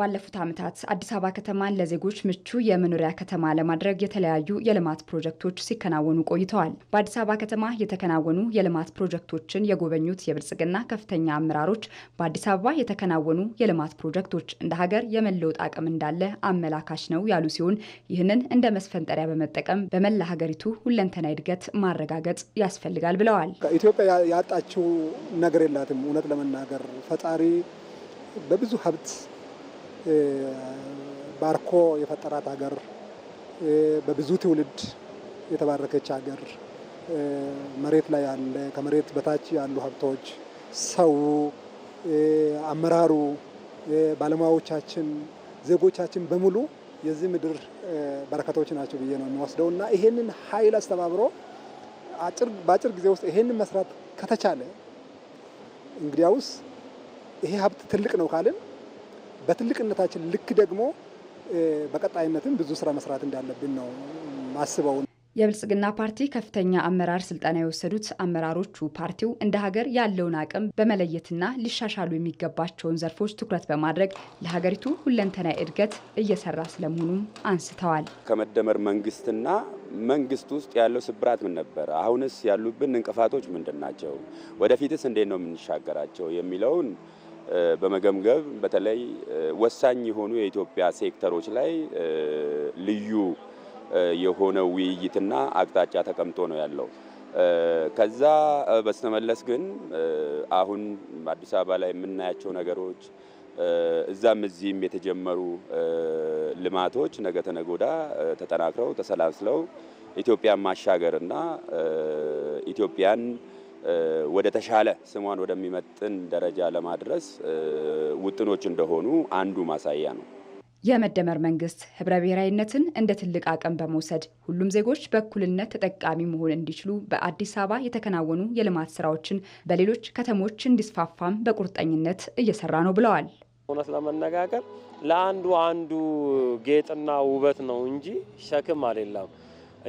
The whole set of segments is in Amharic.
ባለፉት ዓመታት አዲስ አበባ ከተማን ለዜጎች ምቹ የመኖሪያ ከተማ ለማድረግ የተለያዩ የልማት ፕሮጀክቶች ሲከናወኑ ቆይተዋል። በአዲስ አበባ ከተማ የተከናወኑ የልማት ፕሮጀክቶችን የጎበኙት የብልጽግና ከፍተኛ አመራሮች በአዲስ አበባ የተከናወኑ የልማት ፕሮጀክቶች እንደ ሀገር የመለወጥ አቅም እንዳለ አመላካች ነው ያሉ ሲሆን ይህንን እንደ መስፈንጠሪያ በመጠቀም በመላ ሀገሪቱ ሁለንተና እድገት ማረጋገጥ ያስፈልጋል ብለዋል። ኢትዮጵያ ያጣችው ነገር የላትም። እውነት ለመናገር ፈጣሪ በብዙ ሀብት ባርኮ የፈጠራት ሀገር፣ በብዙ ትውልድ የተባረከች ሀገር፣ መሬት ላይ ያለ ከመሬት በታች ያሉ ሀብቶች፣ ሰው፣ አመራሩ፣ ባለሙያዎቻችን፣ ዜጎቻችን በሙሉ የዚህ ምድር በረከቶች ናቸው ብዬ ነው የሚወስደው እና ይሄንን ኃይል አስተባብሮ በአጭር ጊዜ ውስጥ ይሄንን መስራት ከተቻለ እንግዲያውስ ይሄ ሀብት ትልቅ ነው ካልን በትልቅነታችን ልክ ደግሞ በቀጣይነትም ብዙ ስራ መስራት እንዳለብን ነው ማስበው። የብልጽግና ፓርቲ ከፍተኛ አመራር ስልጠና የወሰዱት አመራሮቹ ፓርቲው እንደ ሀገር ያለውን አቅም በመለየትና ሊሻሻሉ የሚገባቸውን ዘርፎች ትኩረት በማድረግ ለሀገሪቱ ሁለንተናዊ እድገት እየሰራ ስለመሆኑም አንስተዋል። ከመደመር መንግስትና መንግስት ውስጥ ያለው ስብራት ምን ነበር? አሁንስ ያሉብን እንቅፋቶች ምንድን ናቸው? ወደፊትስ እንዴት ነው የምንሻገራቸው? የሚለውን በመገምገም በተለይ ወሳኝ የሆኑ የኢትዮጵያ ሴክተሮች ላይ ልዩ የሆነ ውይይትና አቅጣጫ ተቀምጦ ነው ያለው። ከዛ በስተመለስ ግን አሁን አዲስ አበባ ላይ የምናያቸው ነገሮች እዛም እዚህም የተጀመሩ ልማቶች ነገ ተነጎዳ ተጠናክረው ተሰላስለው ኢትዮጵያን ማሻገርና ኢትዮጵያን ወደ ተሻለ ስሟን ወደሚመጥን ደረጃ ለማድረስ ውጥኖች እንደሆኑ አንዱ ማሳያ ነው። የመደመር መንግስት ህብረ ብሔራዊነትን እንደ ትልቅ አቅም በመውሰድ ሁሉም ዜጎች በእኩልነት ተጠቃሚ መሆን እንዲችሉ በአዲስ አበባ የተከናወኑ የልማት ስራዎችን በሌሎች ከተሞች እንዲስፋፋም በቁርጠኝነት እየሰራ ነው ብለዋል። እውነት ለመነጋገር ለአንዱ አንዱ ጌጥና ውበት ነው እንጂ ሸክም አሌላም።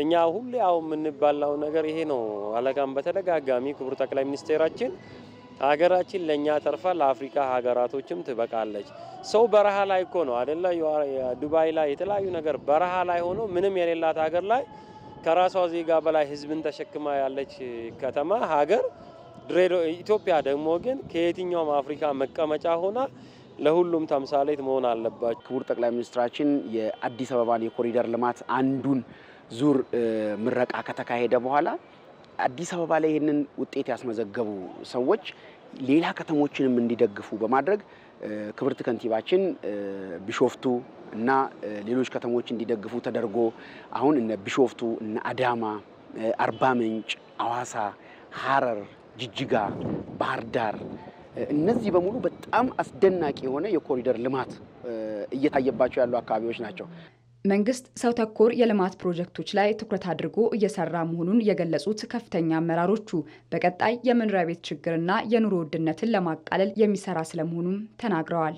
እኛ ሁሌ ያው የምንባላው ነገር ይሄ ነው። አለቃም በተደጋጋሚ ክቡር ጠቅላይ ሚኒስቴራችን ሀገራችን ለእኛ ተርፋ ለአፍሪካ ሀገራቶችም ትበቃለች። ሰው በረሃ ላይ እኮ ነው አደለ? ዱባይ ላይ የተለያዩ ነገር በረሃ ላይ ሆኖ ምንም የሌላት ሀገር ላይ ከራሷ ዜጋ በላይ ህዝብን ተሸክማ ያለች ከተማ ሀገር ኢትዮጵያ ደግሞ ግን ከየትኛውም አፍሪካ መቀመጫ ሆና ለሁሉም ተምሳሌት መሆን አለባቸው። ክቡር ጠቅላይ ሚኒስትራችን የአዲስ አበባን የኮሪደር ልማት አንዱን ዙር ምረቃ ከተካሄደ በኋላ አዲስ አበባ ላይ ይህንን ውጤት ያስመዘገቡ ሰዎች ሌላ ከተሞችንም እንዲደግፉ በማድረግ ክብርት ከንቲባችን ቢሾፍቱ እና ሌሎች ከተሞች እንዲደግፉ ተደርጎ አሁን እነ ቢሾፍቱ፣ እነ አዳማ፣ አርባ ምንጭ፣ አዋሳ፣ ሐረር፣ ጅጅጋ፣ ባህር ዳር እነዚህ በሙሉ በጣም አስደናቂ የሆነ የኮሪደር ልማት እየታየባቸው ያሉ አካባቢዎች ናቸው። መንግስት ሰው ተኮር የልማት ፕሮጀክቶች ላይ ትኩረት አድርጎ እየሰራ መሆኑን የገለጹት ከፍተኛ አመራሮቹ በቀጣይ የመኖሪያ ቤት ችግርና የኑሮ ውድነትን ለማቃለል የሚሰራ ስለመሆኑም ተናግረዋል።